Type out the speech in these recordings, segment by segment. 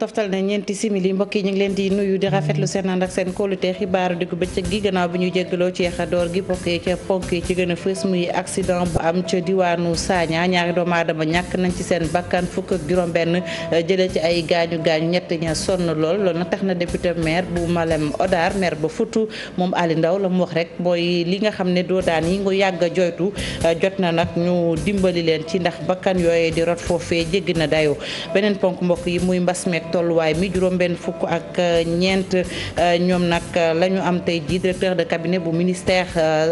toftal na ñeenti simili mbokk yi ñu ngi leen di nuyu di rafetlu seen a ak seen kóolute xibaaru diggu bëccëg gi gannaaw bi ñu jéggaloo ci door gi bokkee ca ponk yi ci gën muy am ca diwaanu Sagna ñaari aadama ñàkk nañ ci seen bakkan fukk ak jëlee ci ay gaañu gaañu ñett ña sonn lool loolu na tax na député maire bu Malem Odar maire ba Futu moom Ali Ndaw la mu rek mooy li nga xam ne doo daan yi nga yàgg a joytu jot na nag ñu dimbali leen ci ndax bakkan yooyee di rot foofee jéggi na dayoo beneen ponk mbokk yi muy mbas meek tolluwaay mi juróom-benn fukk ak euh, ñeent euh, ñoom nag euh, lañu am tey jii directeur de cabinet bu ministère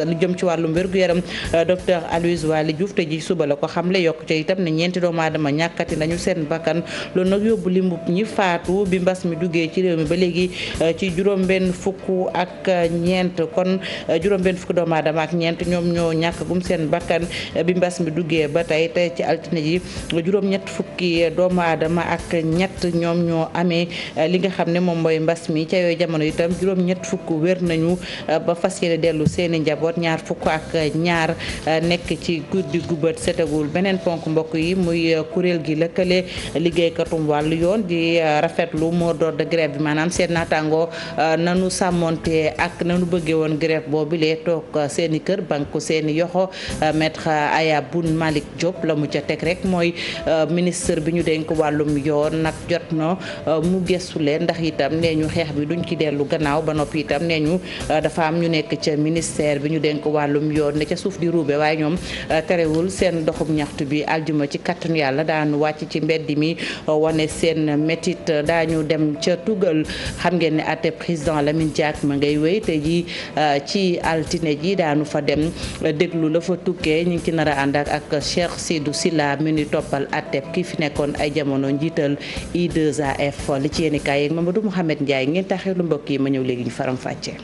lu jëm ci wàllum wér-gu-yaram docteur Aloyse Waly Diouf te ji suba la ko xamle yokk ca itam ne ñeenti doomu aadama ñàkkati nañu seen bakkan loolu nag yóbbu li limbu ñi faatu bi mbas mi duggee ci réew mi ba léegi ci juróom-benn fukk ak ñeent kon juróom-benn fukk doomu aadama ak ñeent ñoom ñoo ñàkk seen bakkan bi mbas mi duggee ba tey tey ci altine ji ñoom ñoo amee euh, li nga xam ne moom mooy mbas mi ca yooyu jamono itam juróom-ñett fukk wér nañu euh, ba fas yéene dellu seeni njaboot ñaar fukk ak euh, ñaar nekk ci guddi gubët setagul beneen ponk mbokk yi muy kuréel gi lëkkale liggéeykatum wàll yoon di rafetlu moo door de grève bi maanaam seen naataango nanu sàmmonte ak nanu bëggee woon grève boo lee toog seeni kër banku seeni yoxo maître Aya Boun Malick Diop la mu ca teg rek mooy ministre bi ñu dénk wàllum Union euh, mu gëstu leen ndax itam nee ñu xeex bi duñ ci dellu gannaaw ba noppi itam nee ñu euh, dafa am ñu nekk ca ministère bi ñu denk wàllum yoon ne ca suuf di ruube waaye ñoom euh, terewul seen doxum ñaxtu bi aljuma ci kattanu yàlla daanu wàcc ci mbedd mi wane seen métit daañu dem ca tugal xam ngeen ne atte président Lamine Diack ma ngay wéy te ji ci altine ji daanu fa dem déglu la fa tukkee ñu ngi ci nar a ànd ak Cheikh Sidou Silla mi ni toppal atteb ki fi nekkoon ay jamono 2AF li ci yéen i kaay yeeg Mamadou Mouhamed Ndiaye ngeen taxee lu mbokk yi ma ñëw léegi ñu faram fàccee.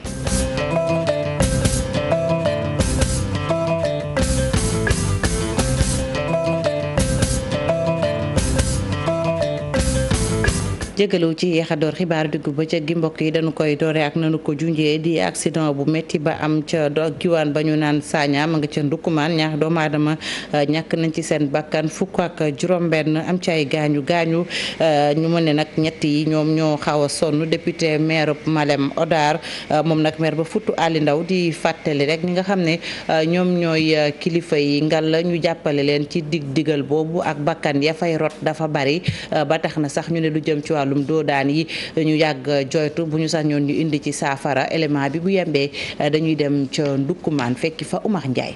jéggalu ci yéex a door xibaar diggu bëccëg gi mbokk yi dañu koy doore ak nanu ko junjee di accident bu métti ba am ca diwaan ba ñu naan Saña ma nga ca Ndukkumaan ñaax doomu aadama euh, ñàkk nañ ci seen bakkan fukk ak juróom-benn am ci ay gaañu gaañu euh, ñu ma ne nag ñett yi ñoom ñoo xaw a sonn député maire Malem Odar euh, moom nag maire ba futtu Ali Ndaw di fàttali rek ñi nga xam ne ñoom ñooy kilifa yi ngal la ñu jàppale leen ci digg diggal boobu ak bakkan ya dafa bari wàllum doodaan yi ñu yàgg joytu bu ñu sax ñoon ñu indi ci saafara élément bi bu yembee euh, dañuy dem ca maan fekki fa Umar Njaay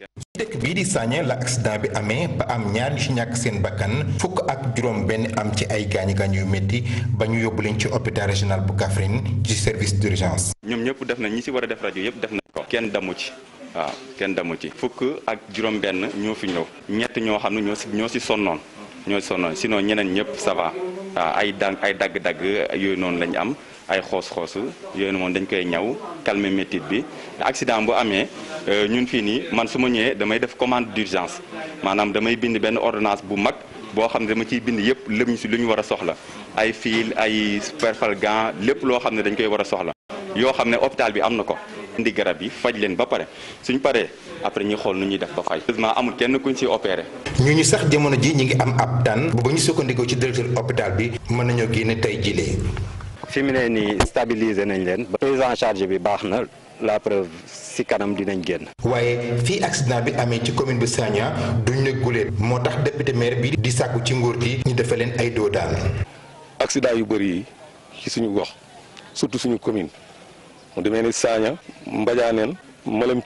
ci dëkk bii di Sagné la accident bi amee ba am ñaar ñu ci ñàkk seen bakkan fukk ak juróom benn am ci ay gaañu gaañu yu ba ñu yóbbu leen ci hôpital régional bu Kaffrine ci service d'urgence ñoom ñëpp def na ñi ci war a def rajo yëpp def na ko kenn damu ci waaw kenn damu ci fukk ak juróom benn ñoo fi ñëw ñett ñoo xam ne ñoo ci ñoo ci sonnoon ñoo sonnoon sinon ñeneen ñëpp ça ah, ay dang ay dagg-dagg yooyu noonu lañ am ay xoos-xoosu yooyu moom dañ koy ñaw calmer métit bi accident bu amee euh, ñun fii nii man su ma ñëwee damay def commande d'urgence maanaam damay bind benn ordinance bu mag boo xam ne dama ciy bind yëpp lépp ñu si lu ñu war a soxla ay fil ay superfalgan lépp loo xam ne dañ koy war a soxla yoo xam ne hôpital bi am na ko indi garab yi faj leen ba pare suñ paree après ñu xool nu ñuy def ba fay. heureusement amul kenn kuñ si opéré. ñu ñu sax jamono ji ñu ngi am ab daan bu ñu sukkandikoo ci directeur hôpital bi mën nañoo génne tey jilee fi mu ne nii stabiliser nañ leen. prise en charge bi baax na la preuve si kanam dinañ génn. waaye fii accident bi amee ci commune bu Sagna duñ ne guléet moo tax député maire bi di sàkku ci nguur gi ñu defee leen ay doo daan. yu bëri yi ci suñu gox surtout suñu commune mu demee ni Sagna Mbadianeen Malam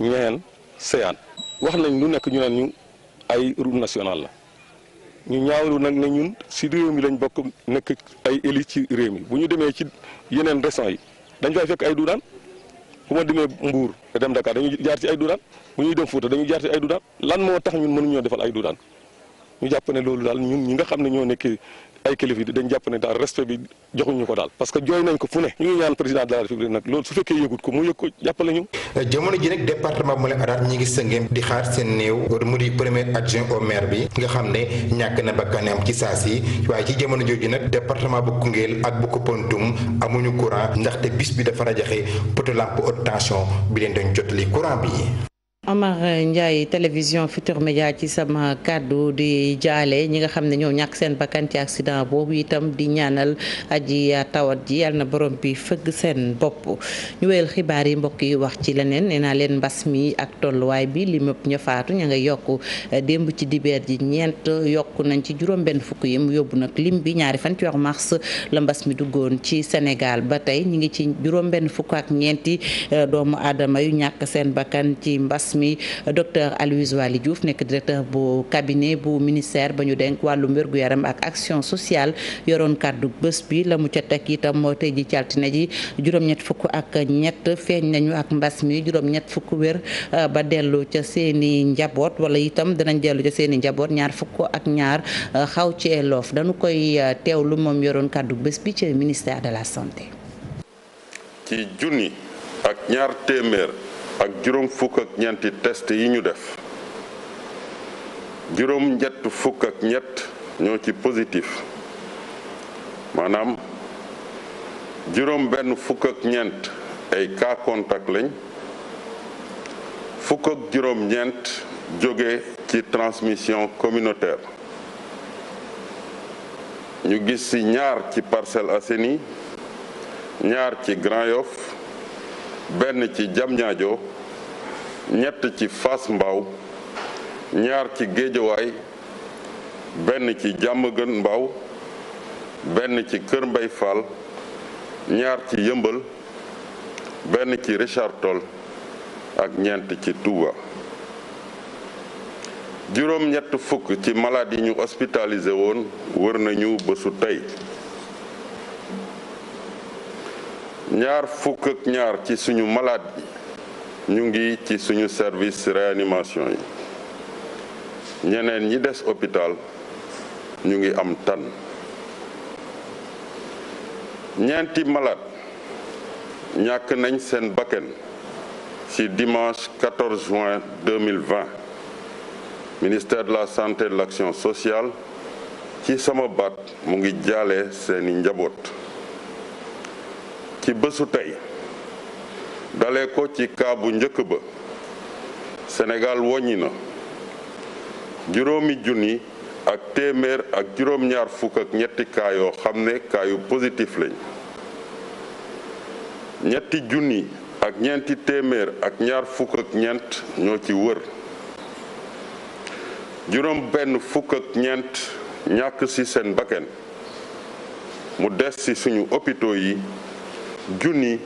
ñeen seyaan wax nañ lu nekk ñu naan ñu ay route nationale la ñu ñaawlu nag ne ñun si réew mi lañ bokk nekk ay élite ci réew mi bu ñu demee ci yeneen régions yi dañ fay fekk ay duudaan bu ma demee Mbour dem Dakar dañuy jaar ci ay duudaan bu ñuy dem Fouta dañu jaar ci ay duudaan lan moo tax ñun mënuñoo defal ay duudaan ñu jàpp ne loolu daal ñun ñi nga xam ne ñoo nekk ay kilifa yi dañ jàpp ne daal respect bi joxuñu ko daal parce que jooy nañ ko fu ne ñu ngi ñaan président de la république nag loolu su fekkee yëgut ko mu yëg ko jàppale ñu jamono ji nag département bu Mboolem Arare ñi ngi sëngéem di xaar seen néew mu di premier adjoint au maire bi nga xam ne ñàkk na bakkanam ci saa si waaye ci jamono jooju nag département bu Koungheul ak bu Koumpentoum amuñu courant ndaxte bis bi dafa rajaxe poto lampe haute tension bi leen doon jotali courant bi Amar Ndiaye télévision Futur Média ci sama kàddu di jaale ñi nga xam ne ñoo ñàkk seen bakkan ci accident boobu itam di ñaanal aji tawat ji yàlla na boroom bi fëgg seen bopp ñu wéyal xibaar yi mbokk yi wax ci leneen nee naa leen mbas mi ak tolluwaay bi li mëpp ña ña nga yokk démb ci dibeer ji ñeent yokk nañ ci juróom-benn fukk yi mu yóbbu nag lim bi ñaari fan ci wax mars la mbas mi duggoon ci Sénégal ba tey ñu ngi ci juróom-benn fukk ak ñeenti eh, doomu aadama yu ñàkk seen bakkan mi docteur Aloyse Waly Diouf nekk directeur bu cabinet bu ministère ba ñu denk wàllum wér-gu-yaram ak action sociale yoroon kàddu bés bi la mu ca teg itam moo tey ji caltine ji juróom-ñett fukk ak ñett feeñ nañu ak mbas mi juróom-ñett fukk wér euh, ba dellu ca seeni njaboot wala itam danañ dellu ca seeni njaboot ñaar fukk ak ñaar euh, xaw ci eloof danu koy euh, teew lu moom yoroon kàddu bés bi ci ministère de la santé ci junni ak ñaar téeméer ak juróom fukk ak ñeenti test yi ñu def juróom ñett fukk ak ñett ñoo ci positif maanaam juróom benn fukk ak ñeent ay cas contact lañ fukk ak juróom ñeent jóge ci transmission communautaire ñu gis ci ñaar ci Parcelles Assainies ñaar ci Grand Yoff benn ci Diamniadio ñett ci fas Mbao ñaar ci Géejawaay benn ci Diamaguène Mbao benn ci Kër Mbay Fall ñaar ci Yëmbal benn ci Richard Toll ak ñeent ci tuba juróom ñett fukk ci malade yi ñu hospitalisé woon wër nañu bésu tey ñaar fukk ak ñaar ci suñu malaat yi ñu ngi ci suñu service réanimation yi ñeneen ñi des hôpital ñu ngi am tan ñeenti malaat ñàkk nañ seen bakken ci dimanche 14 juin 2020 ministère de la santé de l'action sociale ci sama baat mu ngi jaale seeni njaboot ci bésu tey dalee ko ci kaabu njëkk ba Sénégal woññi na juróomi junni ak téeméer ak juróom-ñaar fukk ak ñetti kaa yoo xam ne kaa positif lañ ñetti junni ak ñeenti téeméer ak ñaar fukk ak ñeent ñoo ci wër juróom ñàkk ci seen bakken mu des ci suñu hôpitaux yi junni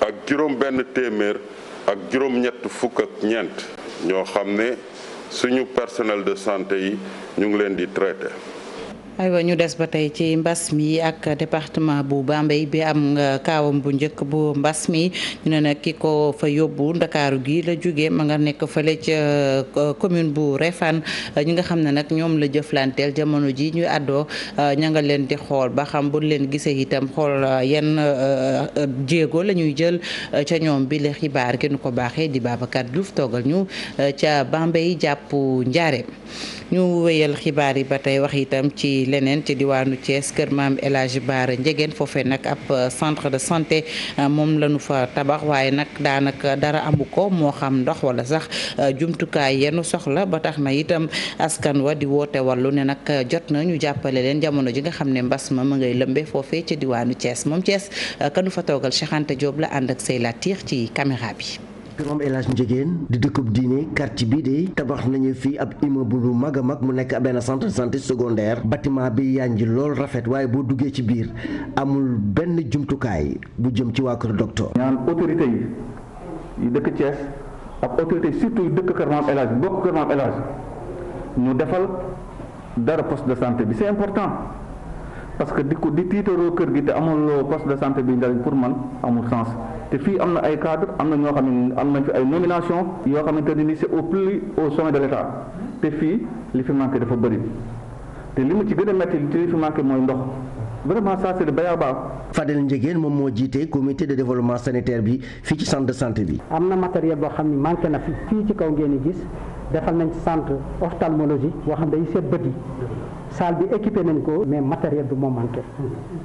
ak juróom benn téeméer ak juróom-ñett fukk ak ñeent ñoo xam ne suñu personnel de santé yi ñu ngi leen di traité. aywa ñu des ba tey ci mbas mi ak département bu Bambey bi am euh, kaawam bu njëkk bu mbas mi ñu ne nag ki ko fa yóbbu ndakaaru gi la jóge ma nga nekk fële ca euh, commune bu refan euh, ñi nga xam ne nag ñoom la jëflanteel jamono ji ñu àddoo ña nga leen di xool ba xam bu leen gisee itam xool yan jéego la ñuy jël ca ñoom bi la xibaar ki ko baaxee di Babacar Diouf toogal ñu ca Bambey jàpp Njaareem ñu wéyal xibaar yi ba tey wax itam ci leneen ci diwaanu Thiès kër maam El Hadj Baara Ndiégène foofee nag ab euh, centre de santé euh, moom lañu fa tabax waaye nag daanaka dara amu ko moo xam ndox wala sax euh, jumtukaay yenu soxla ba tax na itam askan wa di woote wallu ne nag jot na ñu jàppale leen jamono ji nga xam ne mbas ma ma ngay lëmbe foofee ci diwaanu Thiès moom Thiès kanu fa toogal Cheikh Anta la ànd ak say la ci caméra bi Imaam El Hadj di dëkku diine quartier bii de tabax nañu fii ab immeuble bu mag a mag mu nekk ab benn centre santé secondaire bâtiment bi yànji lool rafet waaye boo duggee ci biir amul benn jumtukaay bu jëm ci waa kër docteur. ñaan autorité yi yu dëkk Thiès ak autorité surtout yu dëkk Kër Maam El Hadj bokk Kër Maam El Hadj defal dara poste de santé bi c'est important. parce que di ko di kër gi te amul poste de santé bi njariñ pour man amul sens te fii am na ay cadre am na ñoo xam ne am nañ fi ay nomination yoo xamante ne ni c'est au plus au sommet de l'état te fii li fi manqué dafa bëri te li mu ci gën a metti li fi manqué mooy ndox vraiment ça c'est le béaba Fadel Ndiéguène moom moo jiite comité de développement sanitaire bi fii ci centre de santé bi am na matériel boo xam ne manqué na fi fii ci kaw ngeen di gis defal nañ centre ophtalmologie boo xam day seet bët yi salle bi équipé nañ ko mais matériel bi moo manqué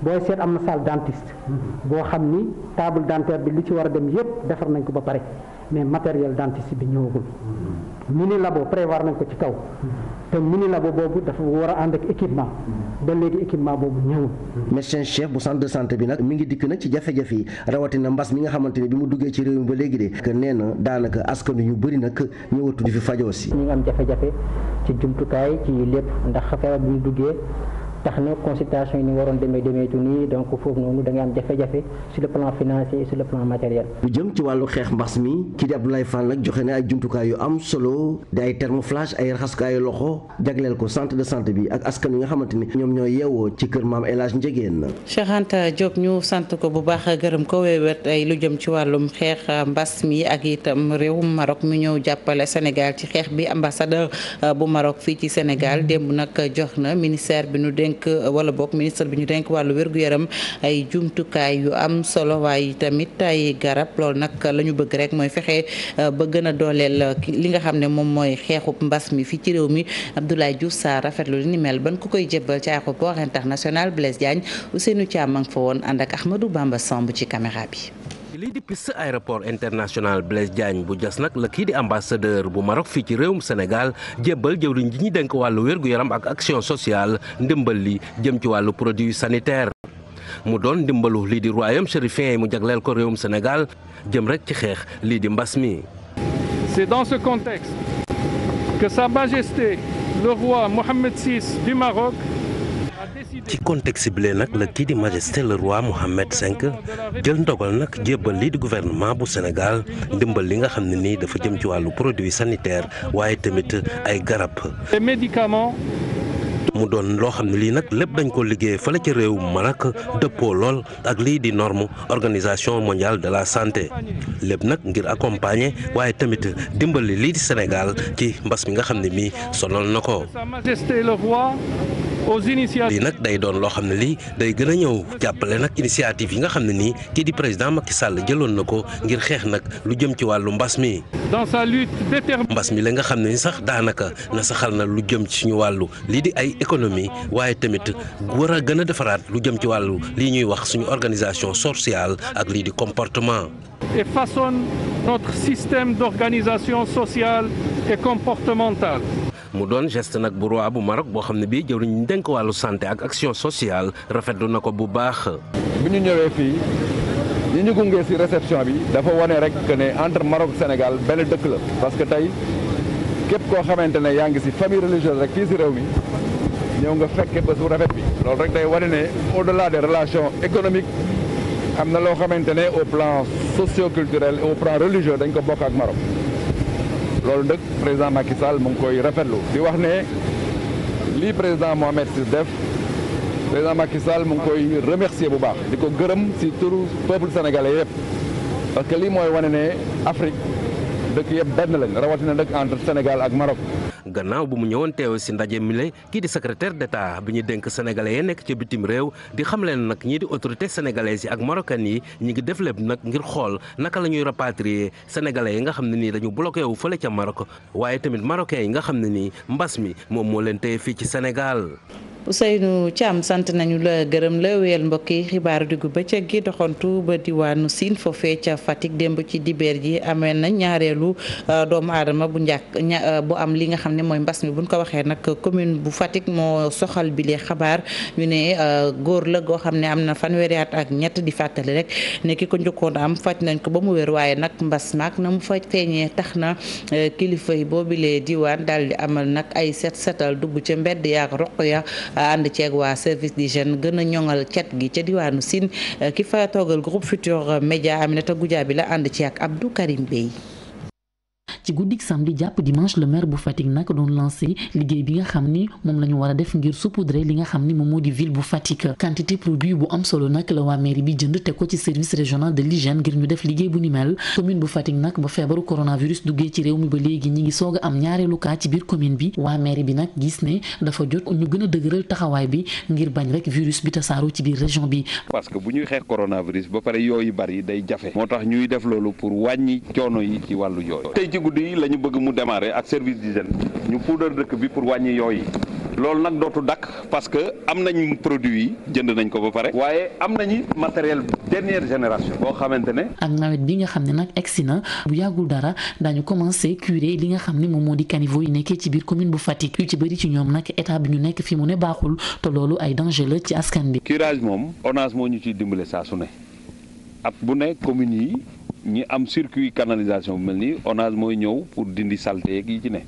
booy seet am na saal dentiste boo xam ni table dentaire bi li ci war a dem yépp defar nañ ko ba pare mais matériel dentiste bi ñëwagul mini labo prévoir nañ ko ci kaw te mini labo boobu dafa war a ànd ak équipement ba léegi équipement boobu ñëwul. médecin chef bu centre de santé bi nag mi ngi dikk nag ci jafe-jafe yi rawatina mbas mi nga xamante ne bi mu duggee ci réew mi ba léegi de que nee na daanaka askan wi ñu bëri nag ñëwatu di fi fajoo si. ñi nga am jafe-jafe ci jumtukaay ci lépp ndax feebar bi mu duggee. tax na consultation yi ni waroon demee demeetu nii donc foofu noonu da ngay am jafe-jafe sur le plan financier et sur plan matériel. bu jëm ci wàllu xeex mbas mi bi ak askan ni ñoom ñooy yeewoo ci kër maam El Hadj Ndiégeen. Cheikh Anta Diop ñu sant ko bu baax gërëm ko wéewet ay lu jëm ci wàllum xeex mbas mi ak itam réewum Maroc mu ñëw jàppale Sénégal ci xeex bi ambassadeur bu Maroc fii ci Sénégal démb nag jox na ministère bi nu dénk dénk wala boog ministre bi ñu denk wàllu wérgu yaram ay jumtukaay yu am solo waaye tamit ay garab loolu nag la ñu bëgg rek mooy fexe euh, ba gën a dooleel euh, li nga xam ne moom mooy xeexub mbas mi fii ci réew mi Abdoulaye Diouf Sarr rafetlu li ni mel ban ku koy jébbal ci aéroport international Blaise Diagne Ousseynou seenu a ngi fa woon ànd ak Ahmadou Bamba Samb ci caméra bi lii di piste aéroport international Blaise Diagne bu jas nag la kii di ambassadeur bu Maroc fii ci réewum Sénégal jébbal jëwriñ ji dénk wàllu wér-gu-yaram ak action sociale ndimbal li jëm ci wàllu produit sanitaire mu doon ndimbalu lii di royaume chérifien yi mu jagleel ko réewum Sénégal jëm rek ci xeex lii di mbas mi. C'est dans ce contexte que Sa Majesté le roi Mohammed VI du Maroc ci contexte bi nag la kii di majesté le roi Mohammed V jël ndogal nag jébbal lii di gouvernement bu Sénégal ndimbal li nga xam ne nii dafa jëm ci wàllu produit sanitaire waaye tamit ay garab. mu doon loo xam ne lii nag lépp dañ ko liggéey fële ci réew Maroc dëppoo lool ak lii di norme organisation mondiale de la sante lépp nag ngir accompagner waaye tamit dimbali lii di Sénégal ci mbas mi nga xam ne mii sonal na ko. lii nag day doon loo xam ne lii day gën a ñëw jàppale nag initiative yi nga xam ne nii kii di président Macky Sall jëloon na ko ngir xeex nag lu jëm ci wàllu mbas mi. dans sa lutte déterminée. mbas mi la nga xam ne ni sax daanaka na saxal na lu jëm ci suñu wàllu lii di ay économie waaye tamit war a gën a defaraat lu jëm ci wàllu lii ñuy wax suñu organisation sociale ak lii di comportement. et façonne notre système d'organisation sociale et comportementale. mu doon geste nag bu roi bu Maroc boo xam ne bii jëwriñ ñu dénk wàllu santé ak action sociale rafetlu na ko bu baax. bu ñu ñëwee fii ñi ñu gunge ci réception bi dafa wane rek que ne entre Maroc Sénégal benn dëkk la parce que tey képp koo xamante ne yaa ngi ci famille religieuse rek kii ci réew mi. ñëw nga fekke bés bu rafet bi loolu rek day wane ne de delà des relations économiques am na loo xamante ne au plan socio culturel et au plan religieux dañ ko bokk ak Maroc loolu nag président Macky Sall mu ngi koy rafetlu di wax ne lii président Mohamed Ciss def président Macky Sall mu ngi koy remercier bu baax di ko gërëm si turu peuple sénégalais yëpp parce que lii mooy wane ne Afrique dëkk yëpp benn lañ rawatina nag entre Sénégal ak Maroc gannaaw bu mu ñëwoon teew si ndaje mi la kii di secrétaire d'État bi ñu denk sénégalais yi nekk ca bitim réew di xam leen nag ñii di autorité sénégalaise yi ak marocaine yi ñu ngi def lépp nag ngir xool naka la ñuy rapatrier sénégalais yi nga xam ne nii dañu bloqué wu fële ca Maroc waaye tamit marocains yi nga xam ne nii mbas mi moom moo leen téye fii ci Sénégal Ousseynou am sant nañu la gërëm la weel mbokk yi xibaaru diggu ca gi doxantu ba diwaanu Sine foofee ca Fatick démb ci dibeer ji amee na ñaareelu euh, doomu aadama bu njàkk euh, bu am li nga xam ne mooy mbas mi buñ ko waxee nag commune bu Fatick moo soxal bile xabaar ñu ne euh, góor la goo xam ne am na fanweeri at ñett di fàttali rek ne ki ko njëkkoon am faj nañ ko ba mu wér waaye nag mbas maak na mu fa feeñee tax na kilifa yi boobilee diwaan daal di amal nag ay set setal dugg ca mbedd yaak roq ya ànd ceeg waa service di d'hygiène gën a ñoŋal cet gi ca diwaanu Sine ki fa toogal groupe Futur Média Aminata Goudiaby la ànd ci ak Abdou Karim Bey ci guddik samedi jàpp dimanche le maire bu Fatick nag doon lancé liggéey bi nga xam ni moom la ñu war a def ngir saupoudrer li nga xam ni moom moo di ville bu Fatick quantité produit bu am solo nag la waa mairie bi jënd teg ko ci service régional de l'hygiène ngir ñu def liggéey bu ni mel commune bu Fatick nag ba feebaru coronavirus duggee ci réew mi ba léegi ñi ngi soog am ñaareelu cas ci biir commune bi waa mairie bi nag gis ne dafa jot ñu gën a taxawaay bi ngir bañ rek virus bi tasaaroo ci biir région bi parce que bu ñuy xeex coronavirus ba pare yooyu bari day jafe moo tax ñuy def loolu pour wàññi coono yi ci wàllu yooyu guddi yi la ñu bëgg mu démarrer ak service d'hygiène ñu puudar dëkk bi pour wàññi yooyu lool nag dootu dakk parce que am nañ produit jënd nañ ko ba pare. waaye am nañu matériel dernière génération. boo xamante ne. ak nawet bi nga xam ne nag egsi na bu yàggul dara daañu commencé curer li nga xam ne moom moo di caniveau yi nekkee ci biir commune bu Fatick yu ci bëri ci ñoom nag état bi ñu nekk fi mu ne baaxul te loolu ay danger la ci askan bi. curage moom ONAS moo ñu ciy dimbale saa su ñi am circuit canalisation bu mel nii ONAS mooy ñëw pour dindi saleté yeeg yi ci ne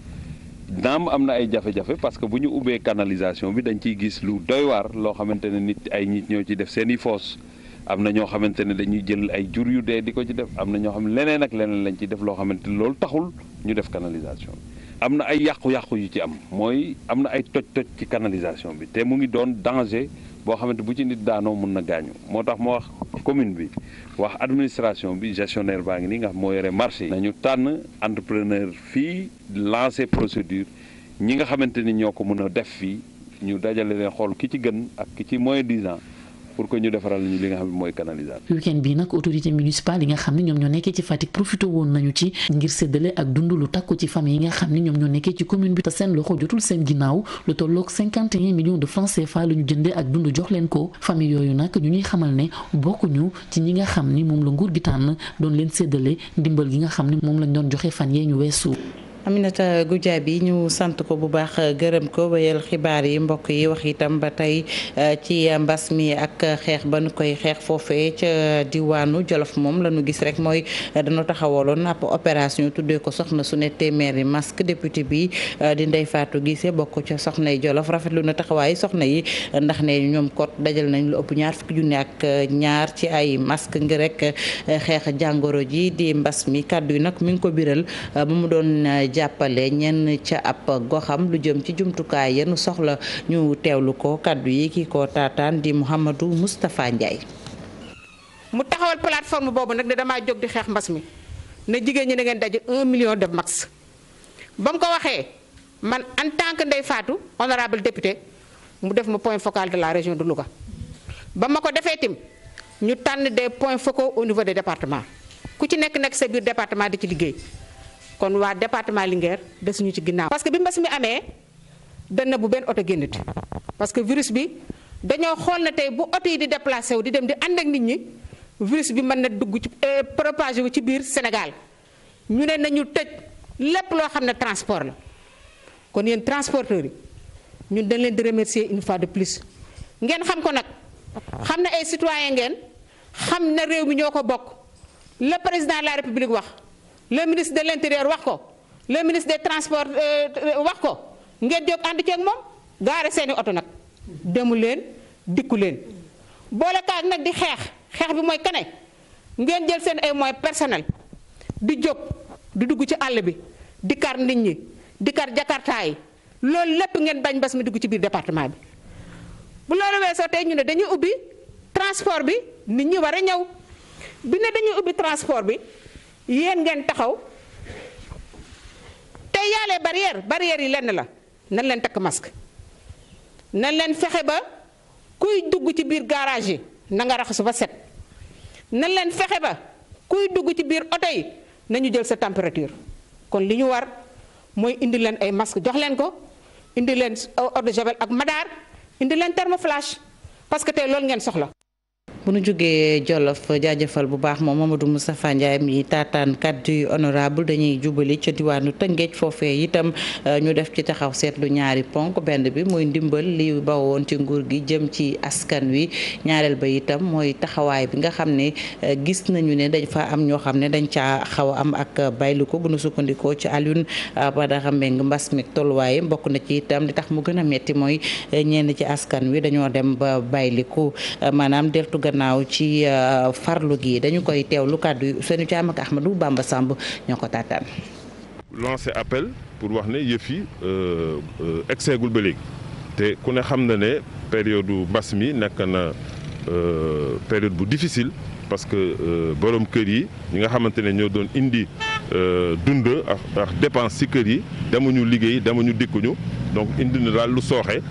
naam am na ay jafe-jafe parce que bu ñu ubbee canalisation bi dañ ciy gis lu doy waar loo xamante ne nit ay nit ñoo ci def seen i foos am na ñoo xamante ne dañuy jël ay jur yu dee di ko ci def am na ñoo xam leneen ak leneen lañ ciy def loo xamante ne loolu taxul ñu def canalisation bi am na ay yàqu-yàqu yu ci am mooy am na ay toj-toj ci canalisation bi te mu ngi doon danger boo xamante bu ci nit daanoo mën na gaañu moo tax ma wax commune bi wax administration bi gestionnaire baa ngi nii nga xam moo yore marché nañu tànn entrepreneur fii lancer procédure ñi nga xamante ni ñoo ko mun a def fii ñu dajale leen xool ki ci gën ak ki ci moyen dix ans. pour que ñu defaral ñu li nga xam ne mooy canalisation. weekend bi nag autorité municipale yi nga xam ne ñoom ñoo nekkee ci Fatick profité woon nañu ci ngir séddale ak dund lu takku ci famille yi nga xam ne ñoom ñoo nekkee ci commune bi te seen loxo jotul seen ginnaaw lu tolloog 51 millions de francs CFA la ñu jëndee ak dund jox leen ko famille yooyu nag ñu ñuy xamal ne bokkuñu ci ñi nga xam ni moom la nguur gi tànn doon leen séddale ndimbal gi nga xam ni moom lañ doon joxe fan yee ñu weesu. Aminata Goudiaby ñu sant ko bu baax gërëm ko wéyal xibaar yi mbokk yi wax itam ba tey euh, ci mbas mi ak xeex ba nu koy xeex foofee ca diwaanu Jolof moom la ñu gis rek mooy euh, dañoo taxawaloon ab opération tuddee ko soxna su téeméeri masque député bi euh, di Ndeye Fatou Guissé bokk ca soxna Jolof rafetlu na taxawaayu soxna yi ndax ne ñoom kot dajale nañ lu ëpp ñaar fukki junni ak ñaar ci ay masque ngir rek xeex jàngoro ji di mbas mi kàddu yi nag mi ngi ko biral ba mu doon jàppale ñenn ca ab goxam lu jëm ci jumtukaay yenu soxla ñu teewlu ko kàddu yi ki ko taataan di Mouhamadou Moustapha Ndiaye. mu taxawal plateforme boobu nag ne damaa jóg di xeex mbas mi ne jigéen ñi da ngeen daje un million de max ba mu ko waxee man en tant que Ndeye Fatou honorable député mu def ma point focal de la région de Louga ba ma ko defee tim ñu tànn de points focaux au niveau des départements ku ci nekk nekk sa biir département di ci liggéey. kon waa département Linguère desuñu ci ginnaaw. parce que bi mbas mi amee dana bu benn oto génnati parce que virus bi dañoo xool na tey bu oto yi di déplacé wu di dem di ànd ak nit ñi virus bi mën na dugg ci euh, propagé wu ci biir Sénégal ñu ne nañu tëj lépp loo xam ne transport la kon yéen transporteurs yi ñun dañ leen di remercier une fois de plus ngeen xam ko nag xam na ay citoyen ngeen xam na réew mi ñoo ko bokk la président de la république wax. le ministre de l'intérieur wax ko le ministre des transports euh, wax ko ngeen jóg ànd ceeg moom gaare seeni oto nag demu leen dikku leen boole kaag nag di xeex xeex bi mooy kane ngeen jël seen ay moyens personnel di jóg di dugg ci àll bi di kar nit ñi di kar jakartaa yi loolu lépp ngeen bañ bas mi dugg ci biir département bi bu loolu weesoo tey ñu ne dañuy ubbi transport bi nit ñi waree a ñëw bi ne dañuy ubbi transport bi yéen ngeen taxaw te yaalee barrière barrière yi lenn la nan leen takk masque nan leen fexe ba kuy dugg ci biir garage yi nanga nga raxasu ba set nan leen fexe ba kuy dugg ci biir oto yi nañu jël sa température kon li ñu war mooy indi leen ay masque jox leen ko indi leen eau de javel ak madaar indi leen thermoflash parce que tey loolu ngeen soxla bu nu jógee Jolof jaajëfal bu baax moom Mamadou Moustapha Ndiaye mi taataan kàddu yu honorable dañuy jubali ca diwaanu Tëngéej foofee itam euh, ñu def ci taxaw seetlu ñaari ponk benn bi mooy ndimbal li woon ci nguur gi jëm ci askan wi ñaareel ba itam mooy taxawaay bi nga xam ne euh, gis nañu ne dañ fa am ñoo xam ne dañ caa xaw am ak baylu ko bu nu sukkandikoo ci Alioune euh, Badara Mbengue mbas mi tolluwaay mbokk na ci itam di tax mu gën a metti mooy ñenn ci askan wi dañoo dem ba bayliku naaw ci euh, farlu gi dañu koy teewlu kàddu yu Ousseynou Thiam ak Ahmadou Bamba ñoo ko taataan. lancer appel pour wax ne yëf yi euh, euh, egseegul ba léegi te ku ne xam na ne période mbas mi nekk na période bu difficile parce que borom kër yi ñi nga xamante ne ñoo doon indi dund ak dépense ci kër yi demuñu liggéey demuñu dikkuñu donc indi na laal lu sooxe.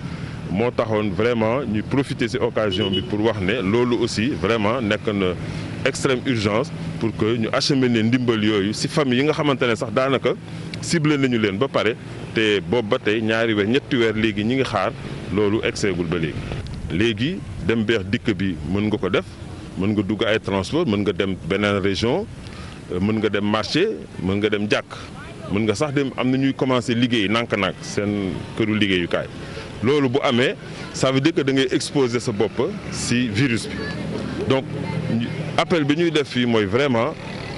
moo taxoon vraiment ñu profiter ci occasion bi pour wax ne loolu aussi vraiment nekk na extrême urgence pour que ñu acheminer ndimbal yooyu ci famille yi nga xamante ne sax daanaka ciblé nañu leen ba pare te boobu ba tey ñaari weer ñetti weer léegi ñi ngi xaar loolu egseegul ba léegi. léegi dem beex dikk bi mën nga ko def mën nga dugg ay transport mën nga dem beneen région euh, mën nga dem marché mën nga dem jàkk mën nga sax dem am na ñuy commencer liggéey nànk-nànk seen këru liggéeyukaay. loolu bu amee ça veut dire que da ngay exposer sa bopp ci virus bi donc appel bi ñuy def fii mooy vraiment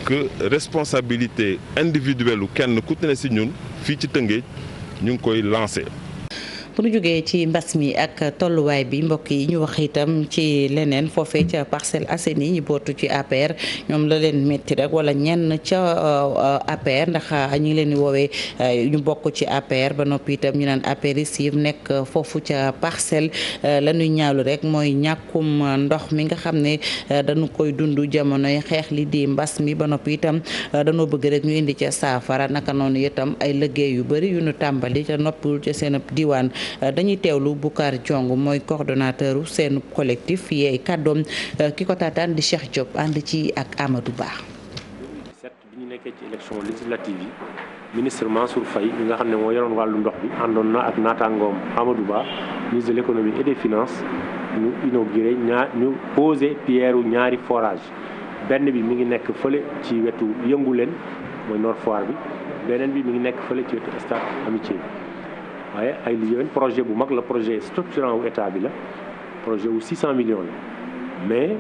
que responsabilité individuelle kenn ku ne si ñun fii ci Tëngéej ñu ngi koy lancer. bu ñu jógee ci mbas mi ak tolluwaay bi mbokk yi ñu wax itam ci leneen foofee ca parcelle Parcelles Assainies ñu bootu ci APR ñoom la leen métti rek wala ñenn ca euh, APR ndax euh, ñu ngi leen di woowee euh, ñu bokk ci APR ba noppi itam ñu naan APR yi nekk foofu ca parcelle la ñuy ñaawlu rek mooy ñàkkum ndox mi nga xam ne dañu koy dund jamonoy xeex li di mbas mi ba noppi itam dañoo bëgg rek ñu indi ca saafara naka noonu itam ay liggéey yu bari yu ñu tàmbali ca noppul ca seen diwaan Euh, dañuy teewlu Boucar Diong mooy coordonnateur seen collectif yeey kàddoom euh, ki ko taataan di Cheikh Diop ànd ci ak Amadou baax bi ñu nekkee ci élection législative yi ministre Mansour fay mi nga xam ne moo yoroon wàllu ndox bi àndoon na ak naataangoom Amadou Ba ministre de l' et des finance ñu inauguré ñaar ñu posé pierre ñaari forage benn bi mi ngi nekk fële ci wetu yëngu leen mooy Nord Foire bi beneen bi mi ngi nekk fële ci wetu stade Amitié bi waaye ay liggéey projet bu mag la projet structurant wu état bi la projet wu 600 millions la mais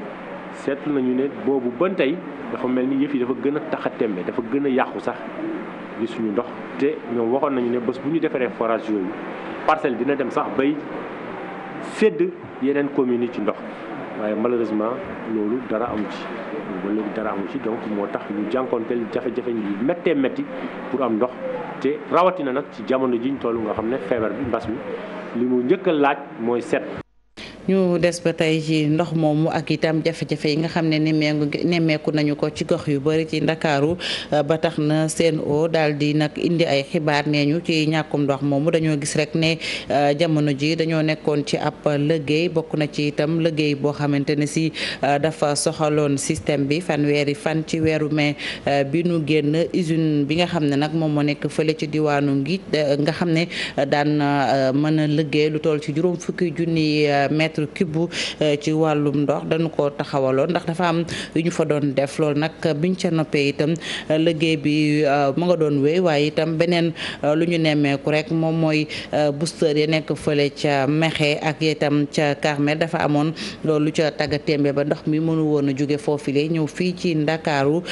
seetlu nañu ne boobu ba tey dafa mel ni yëf yi dafa gën a tax a tembe dafa gën a yàqu sax di suñu ndox te ñoom waxoon nañu ne bés bu ñu defaree forage yooyu parcelle dina dem sax bay sedd yeneen communes yi ci ndox waaye malheureusement loolu dara amu ci. ba léegi dara amu ci donc moo tax ñu jànkoonteel jafe-jafe yu méttee métti pour am ndox te rawatina nag ci jamono ji ñu toll nga xam ne feebar bi mbas mi li mu njëkk a laaj mooy set. ñu des ba tey ji ndox moomu ak itam jafe-jafe yi nga xam ne nemmeeku nañu ko ci gox yu bëri ci ndakaaru euh, ba tax na seen daal di nag indi ay xibaar nee ñu ci ñàkkum ndox moomu dañoo gis rek ne euh, jamono ji dañoo nekkoon ci ab liggéey bokk na ci itam liggéey boo xamante ne si euh, dafa soxaloon système bi fanweeri fan ci weeru mai bi nu génn usine bi nga xam ne nag moom moo nekk fële ci diwaanu ngi nga xam ne daan mën a liggéey lu toll ci juróom fukki junni mètre cube euh, ci wàllum ndox dañu ko taxawaloon ndax dafa am yu ñu fa doon def loolu nag biñ ca noppee itam liggéey bi euh, mu nga doon wéy waaye itam beneen euh, lu ñu nemmeeku rek moom mooy booster yi nekk fële ca Mexe ak itam ca Carmel dafa amoon loolu ca tagga témbe ba ndox mi mënu woon a jóge foofile ñëw fii ci Ndakaaru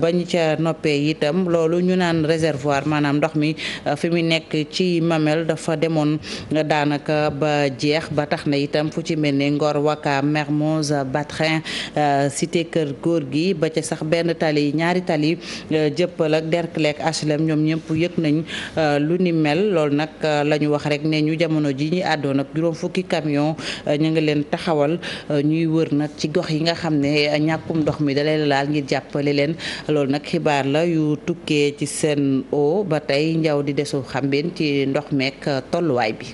bañ ca noppee itam loolu ñu naan réservoir maanaam ndox mi fi mu nekk ci Mamel dafa demoon daanaka ba jeex ba tax na itam fu ci ci mel ne Ngor Wakaam Mermoz Batrin euh, Cité Kër gi ba ca sax benn tali ñaari tali jëppal euh, ak Derklé ak ñoom ñëpp yëg nañ euh, lu ni mel loolu nag la ñu wax rek ne ñu jamono ji ñuy àddoon ak juróom fukki camion ñu ngi leen taxawal ñuy wër nag ci gox yi nga xam ne ñàkkum ndox mi dalee laal ngir jàppale leen loolu nag xibaar la yu tukkee ci seen o ba tey njaw di desu xambin ci ndox meek tolluwaay bi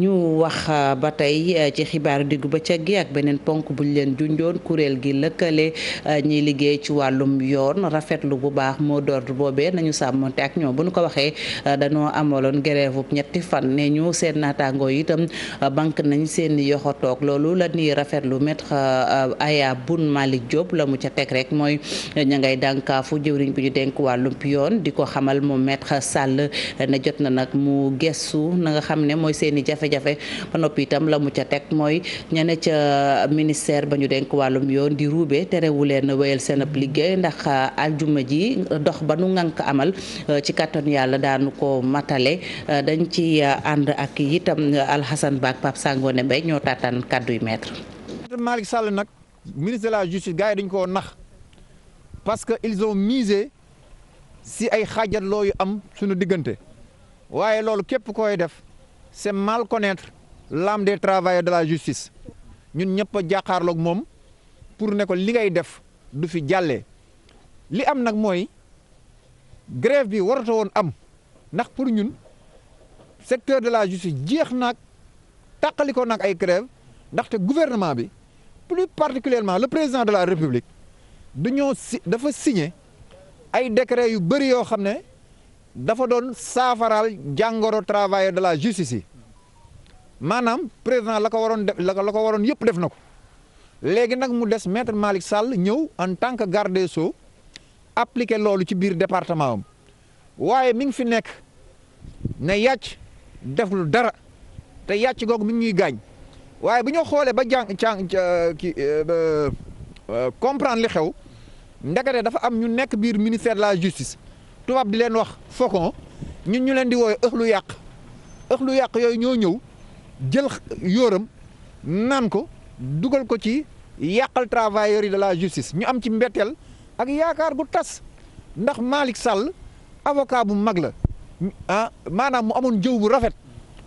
ñu wax euh, ba tey euh, ci xibaaru diggu bëccëg gi ak beneen ponk buñ leen junjoon kuréel gi lëkkale euh, ñiy liggéey ci wàllum yoon rafet lu bu baax moo door boobee nañu sàmmonte ak ñoom bu ñu ko waxee dañoo amaloon grève bu ñetti fan ne ñu seen nataangoo itam banque nañ seen yoxo toog loolu la ñuy rafetlu maître Aya Boun Malick Diop la mu ca teg rek mooy ña ngay dànkaafu jëwriñ bi ñu denk wàllum yoon di ko xamal moom mooy seen jafe jafe-jafe ba noppi itam la mu ca teg mooy ñene ca ministère ba ñu denk wàllum yoon di ruube terewu leen wéyal seen liggéey ndax ah, aljuma ji dox ba nu ngànk amal ah, ci kàttan yàlla daanu ko matale ah, dañ ci ànd ak itam Alhassane Ba ak Pape Sangone Mbaye ñoo taataan kàddu yu maître Malick nag ministre la justice gaa yi dañu koo nax parce que ils ont misé si ay xaajatloo am suñu diggante waaye loolu képp koy def c'est mal connaître l'âme des travailleurs de la justice ñun ñëpp a jàkkaarloog moom pour ne ko li ngay def du fi jàllee li am nag mooy grève bi warata woon am ndax pour ñun secteur de la justice jeex nag tàqali ko nag ay grève ndaxte gouvernement bi plus particulièrement le président de la république dañoo si dafa signe ay décret yu bëri yoo xam ne dafa doon saafaraal jàngoro travailleur de la justice yi maanaam président la ko waroon def la ko waroon yëpp def na ko léegi nag mu des maître Malick Sall ñëw en tant que garde des sceaux appliqué loolu ci biir département am waaye mi ngi fi nekk ne yàcc def lu dara te yàcc googu mi ngi ñuy gaañ waaye bu ñoo xoolee ba jàng càng ki eh, eh, comprendre li xew ndekete dafa am ñu nekk biir ministère de la justice tubaab di leen wax faucon ñun ñu leen di woowe ëx lu yàq ëx lu yàq yooyu ñoo ñëw jël yóoram naan ko dugal ko ci yàqal travailleurs yi de la justice ñu am ci mbeteel ak yaakaar gu tas ndax Malick sàll avocat bu mag la ah maanaam mu amoon jëw bu rafet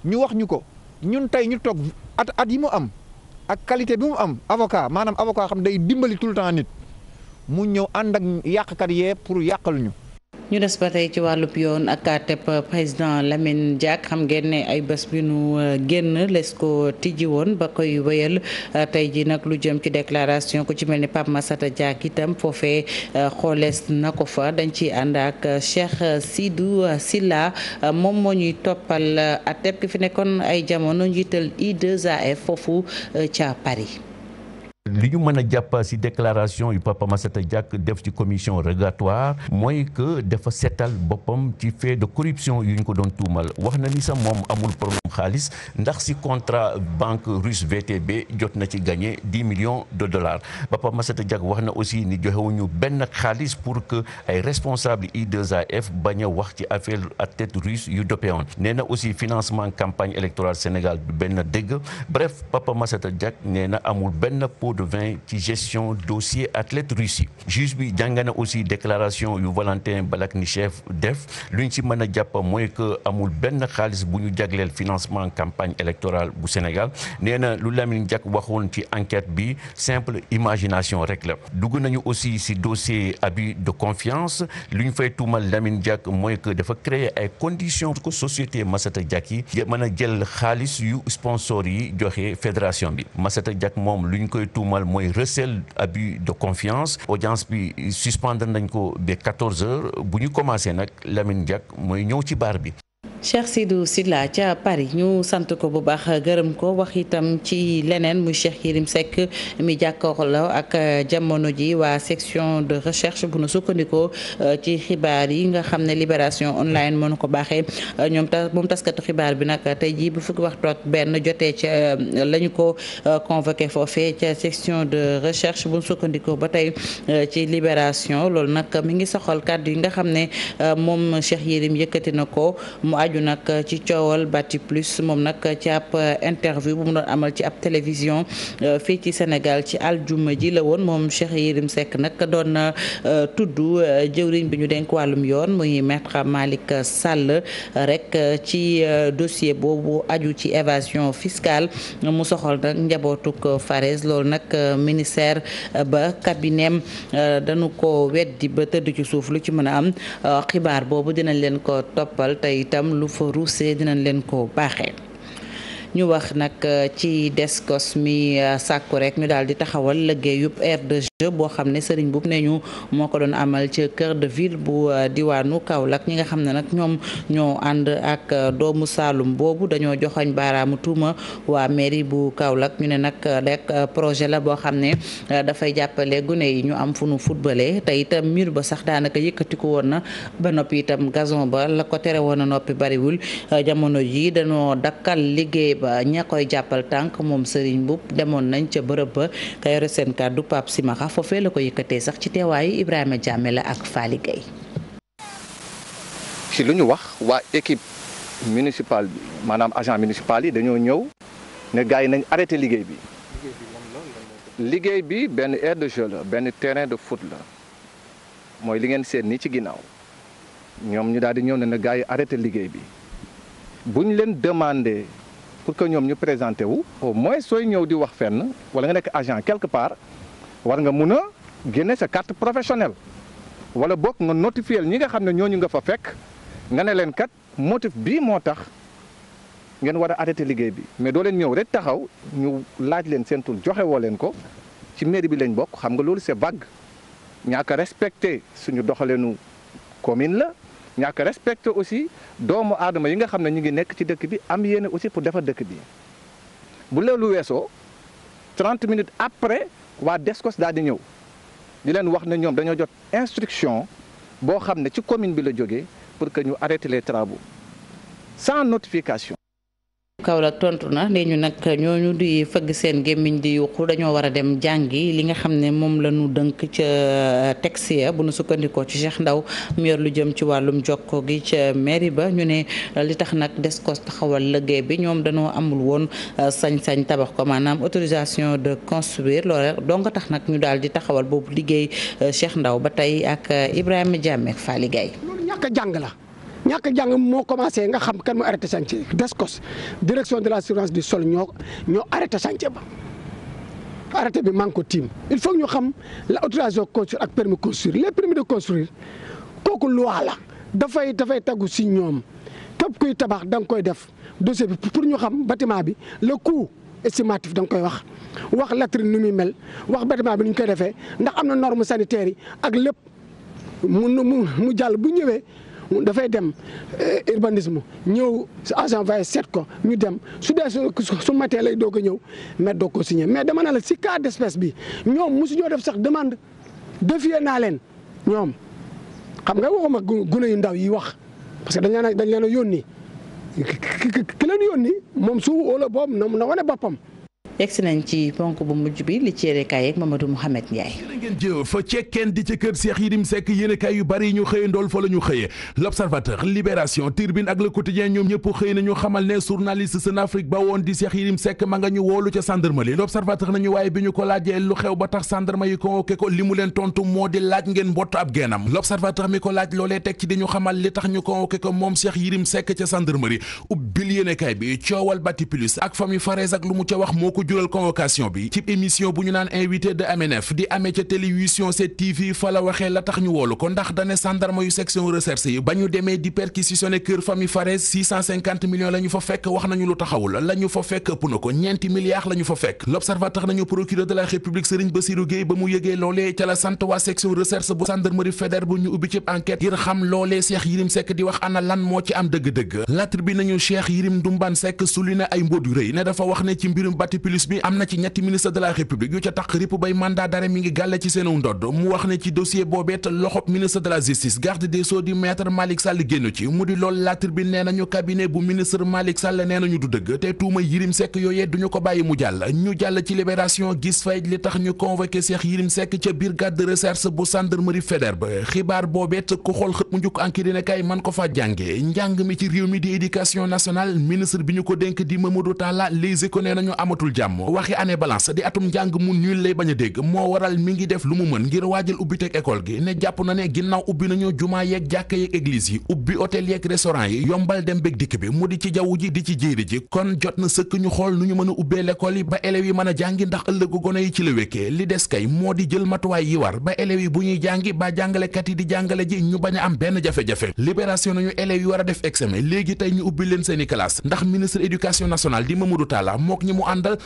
ñu wax ñu ko ñun tey ñu toog at at yi mu am ak qualité bi mu am avocat maanaam avocat xam day dimbali tout le temps nit mu ñëw ànd ak yàqkat yee pour yàqal ñu ñu des ba tey ci wàllub yoon ak àtteb président Lamine Diack xam ngeen ne ay bés bi nu euh, génn les ko tijji woon ba koy wéyal euh, tey ji nag lu jëm ci déclaration ku ci mel ni Pape Massata Diack itam foofee euh, xoolees na ko fa dañ ci ànd ak Cheikh Sidou Silla moom moo ñuy toppal àtteb ki fi nekkoon ay jamono njiital I2AF foofu ca Paris li ñu mën a jàpp si déclaration yu Papa Massata Diack def ci commission rogatoire mooy que defa seetal boppam ci fait de corruption yu ñu ko doon tuumal wax na ni sax moom amul problème xaalis ndax si contra banque russe VTB jot na ci gagné dix millions de dollars Papa Massata Diack wax na aussi ni joxewuñu benn xaalis pour que ay responsable I2AF bañ a wax ci affaire à tête russe yu dopéwoon nee na aussi financement campagne électorale Sénégal benn dégg bref na amul benn 2020 ci gestion dossier athlète Russie juge bi jàng aussi déclaration yu Valentin Balaknichev def lu ñu ci mën a jàpp mooy que amul benn xaalis bu ñu jagleel financement campagne électorale bu Sénégal nee na lu Lamine Diack waxoon ci enquête bi simple imagination rek la dugg nañu aussi ci dossier abus de confiance lu ñu fay tuumal Lamine Diack mooy que dafa créer ay conditions que société Massata Diack yi mën a jël xaalis yu sponsor yi joxe fédération bi Massata Diack tuumal mooy recel abi de confiance audience bi suspendre nañ ko ba 14 heures bu ñu commencé nag Lamine Diack mooy ñëw ci baar bi. Cheikh Sidou Sylla ca Paris ñu sant ko bu baax gërëm ko wax itam ci leneen muy Cheikh Yérim Seck mi jàkkaarloo ak eh, jamono ji waa section de recherche bu na sukkandikoo eh, ci xibaar yi nga xam ne Libération online moo ko baaxee eh, ñoom ta moom taskatu xibaar bi nag tey jii bu fukk waxtu ak benn jotee ca la ñu ko convoqué foofee ca section de recherche bu nu sukkandikoo ba tey ci Libération loolu nag mi ngi soxal kàddu yi nga xam ne moom Cheikh Yérim yëkkati na ko mu aju nag eh, ci coowal Bati Plus moom nag eh, ci ab eh, interview bu mu doon amal ci ab télévision fii ci Sénégal ci aljuma ji la woon moom Cheikh Yérim sekk nag doon na tudd jëwriñ bi ñu denk wàllum yoon muy maître Malick Sall rek ci dossier boobu aju ci évasion fiscale mu soxol nag njabootuk Fares loolu nag ministère ba cabinet danu ko weddi ba tëdd ci suuf lu ci mën a am xibaar boobu dinañ leen ko toppal te itam lu fa ruusee dinañ leen ko baaxee. ñu wax nag euh, ci descos mi euh, sàkku rek ñu daal di taxawal liggéeyub air de Diop boo xam ne sëriñ boobu ne ñu moo ko doon amal ca cœur de ville bu euh, diwaanu Kaolack ñi nga xam ne nag ñoom ñoo ànd ak euh, doomu Saalum boobu dañoo joxoñ baaraamu tuuma waa mairie bu Kaolack ñu ne nag euh, rek projet la boo xam ne dafay jàppale gune yi ñu am fu nu footballé te itam miir ba sax daanaka yëkkatiku woon na ba noppi itam gazon ba la ko tere woon na noppi bariwul jamono ji dañoo dakkal liggéey ba ña koy jàppal tànk moom sëriñ boobu demoon nañ ca bërëb foofee la ko yëkkatee sax ci teewaayu Ibrahima Diame la ak Faly Gueye ci lu ñu wax waa équipe municipale bi maanaam agent municipal yi dañoo ñëw ne gars yi nañ arrêté liggéey bi liggéey bi benn aire de jeu la benn terrain de foot la mooy li ngeen seet ni ci ginnaaw ñoom ñu daal di ñëw ne na gars yi arrêté liggéey bi bu leen demandé pour que ñoom ñu présenté wu au moins sooy ñëw di wax fenn wala nga nekk agent quelque part war nga mun a génne sa carte professionnel wala bokk nga notifier ñi nga xam ne ñooñu nga fa fekk nga ne leen kat motif bii moo tax ngeen war a arrêté liggéey bi mais doo leen ñëw rek taxaw ñu laaj leen seen tur joxe woo leen ko ci mairie bi lañ bokk xam nga loolu c'est vague ñàkk a respecté suñu doxaleenu commune la ñàkk a respecté aussi doomu aadama yi nga xam ne ñu ngi nekk ci dëkk bi am yéene aussi pour defar dëkk bi bu loolu weesoo 30 minutes après. waa DSCOS daal di ñëw di leen wax ne ñoom dañoo jot instruction boo xam ne ci commune bi la jógee pour que ñu arrêter les travaux sans notification Kaolack tontu na ne ñu nag ñooñu di fëgg seen gémmiñ di yuqu dañoo war a dem jàngi li nga xam ne moom la ñu dënk ca euh, texte ya bu na sukkandikoo ci Cheikh Ndaw mu yor lu jëm ci wàllum jokko gi ca mairie ba ñu ne li tax nag des ko taxawal liggéey bi ñoom dañoo amul woon euh, sañ-sañ tabax ko maanaam autorisation de construire loolu donc tax nag ñu daal di taxawal boobu liggéey euh, Cheikh Ndaw ba tey ak Ibrahima Diame ak Faly a jàng ñàkk a jàng moo commencé nga xam kan mu arrêté chantier DSCOS direction de l'assurance du sol ñoo ñoo arrêté chantier ba arrêté bi maa ko tiim il faut ñu xam la autorisation de ak permis de construire les permis de construire kooku loi la dafay dafay tegu si ñoom képp kuy tabax da nga koy def dossier bi pour ñu xam bâtiment bi le coût estimatif danga koy wax wax latrine nu muy mel wax bâtiment bi nu ñu koy defee ndax am na norme sanitaire yi ak lépp mu mu mu jàll bu ñëwee dafay dem euh, urbanisme ñëw agent va seet ko ñu dem su dee su matee lay doog a ñëw mais doog ko signé mais dama ne la si cas d' bi ñoom mosu ñoo def sax demande défier naa leen ñoom xam nga waxuma gune yu ndaw yi wax parce que dañ na a dañ leen a yónni ki leen yónni moom su wóola boobu na wane boppam yegsi nañ ci ponk bu mujj bi li ci yéenekaay yeeg Mamadou Mouhamed Ndiaye ngeen jëf cekkeen di ca kër Cheikh Yérim Seck yéenekaay yu bari ñu xëye ndool fa la ñu xëye L'Observateur Libération Tribune ak Le Quotidien ñoom ñëpp xëy nañu xamal ne journaliste Sen Afrique ba woon di Cheikh Yérim Seck ma nga ñu woolu ca gendarmerie L'Observateur nañu waaye bi ñu ko laajee lu xew ba tax gendarme yi convoqué ko li mu leen tontu moo di laaj ngeen mbott ab geenam L'Observateur laaj loolee teg ci di ñu xamal li tax ñu convoqué ko moom Cheikh Yérim Seck ca gendarmerie ubbil yéenekaay bi coowal Bati Plus wax moo ko jural ci émission bu ñu naan invité de MNF di amee ca télévision 7TV fa waxee la tax ñu woolu ko ndax dane sandarma yu section recherche yi ba ñu demee di perquisitionné kër famille Fares 650 millions fa fekk wax nañu lu taxawul la fa fekk ëpp na ko ñeenti milliards la fa fekk l'observateur nañu procureur de la république Serigne Bassirou Gueye ba mu yëgee loolee ca la sant waa section bu gendarmerie fédérale bu ñu ubbi ci enquête ngir xam loolee Cheikh coronavirus bi am na ministre de la république yu ca tax ripp bay mandat d'arrêt mi ngi gàlle ci seenu ndodd mu wax ne ci dossier boobeet loxob ministre de la justice garde des sceaux di maître Malick Sall génn ci mu di loolu la tribune nee nañu cabinet bu ministre Malick Sall nee nañu du dëgg te tuuma Yirim Seck yooyee duñu ko bàyyi mu jàll ñu jàll ci libération gis fay li tax ñu convoqué Cheikh Yirim Seck ca brigade de recherche bu gendarmerie fédérale ba xibaar boobeet ku xool xët jàmm waxi année balance di atum njàng mun ñuy lay bañ a dégg moo waral mi ngi def lu mu mën ngir waajal ubbi teg gi ne jàpp na ne ginnaaw ubbi nañoo jumaa yeeg jàkka yeeg église yi ubbi hôtel yeeg restaurant yi yombal dem bég dikk bi mu di ci jaww ji di ci jéeri ji kon jot na sëkk ñu xool nu ñu mën a ubbee l'école yi ba élèves yi mën a jàngi ndax ëllëgu gone yi ci la wékkee li des kay moo di jël matuwaay yi war ba élèves yi bu ñuy jàngi ba jàngalekat yi di jàngale ji bañ am benn jafe-jafe libération nañu élèves yi war a def examen léegi tey ñu ubbi leen seeni classe ndax ministre éducation nationale di Mamadou Talla mook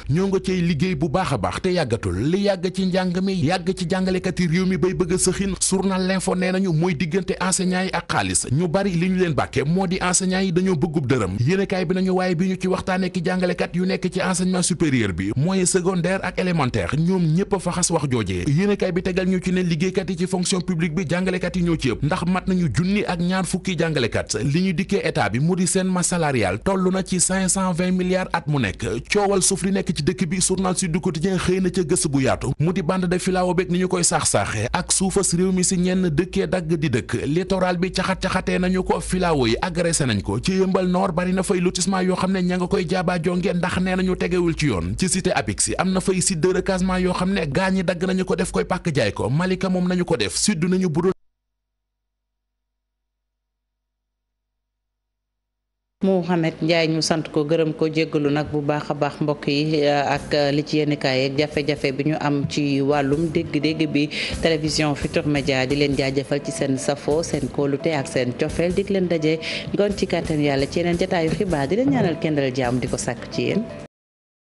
ñoo nga cay liggéey bu baax a baax te yàggatul li yàgg ci njàng mi yàgg ci jàngalekat yi réew mi bay bëgg a sëxin journal l'info nee nañu mooy diggante enseignants yi ak xaalis ñu bari li ñu leen bàkke moo di enseignants yi dañoo bëggub dërëm yéenekaay bi nañu waaye bi ñu ci waxtaanee ki jàngalekat yu nekk ci enseignement supérieur bi moyen secondaire ak élémentaire ñoom ñëpp a fa xas wax joojee yéenekaay bi tegal ñu ci ne liggéeykat yi ci fonction publique bi jàngalekat yi ñoo ci ëpp ndax mat nañu junni ak ñaar fukki jàngalekat li ñu dikkee état bi mu di seen masse toll na ci 520 milliards at mu nekk coowal suuf li nekk dëkk bi journal Sud du Quotidien xëy na ca gës bu yaatu mu di band bande de filao beeg ni ñu koy saax-saaxee ak suufas réew mi si ñenn dëkkee dagg di dëkk littoral bi caxat-caxatee nañu ko filao yi agressé nañ ko ci yëmbal noor bari na fay lotissement yoo xam ne ña nga koy jaabaa jonge ndax nee nañu tegewul ci yoon ci cité apix yi am na fay site de recasement yoo xam ne gaañi dagg nañu ko def koy pàkk jaay ko malika moom nañu ko def sidd nañu budul Mouhamed Ndiaye ñu sant ko gërëm ko jéggalu nag bu baax a baax mbokk yi eh, ak eh, li ci yenn kaay jafe-jafe bi ñu am ci wàllum dégg-dégg bi télévision Futur Media di leen jaajëfal ci seen safo seen kóolute ak seen cofeel dig leen dajee ngoon ci kàttan yàlla ci yeneen jataayu xibaar di leen ñaanal kenn dal jàmm di ko sàkk ci yéen.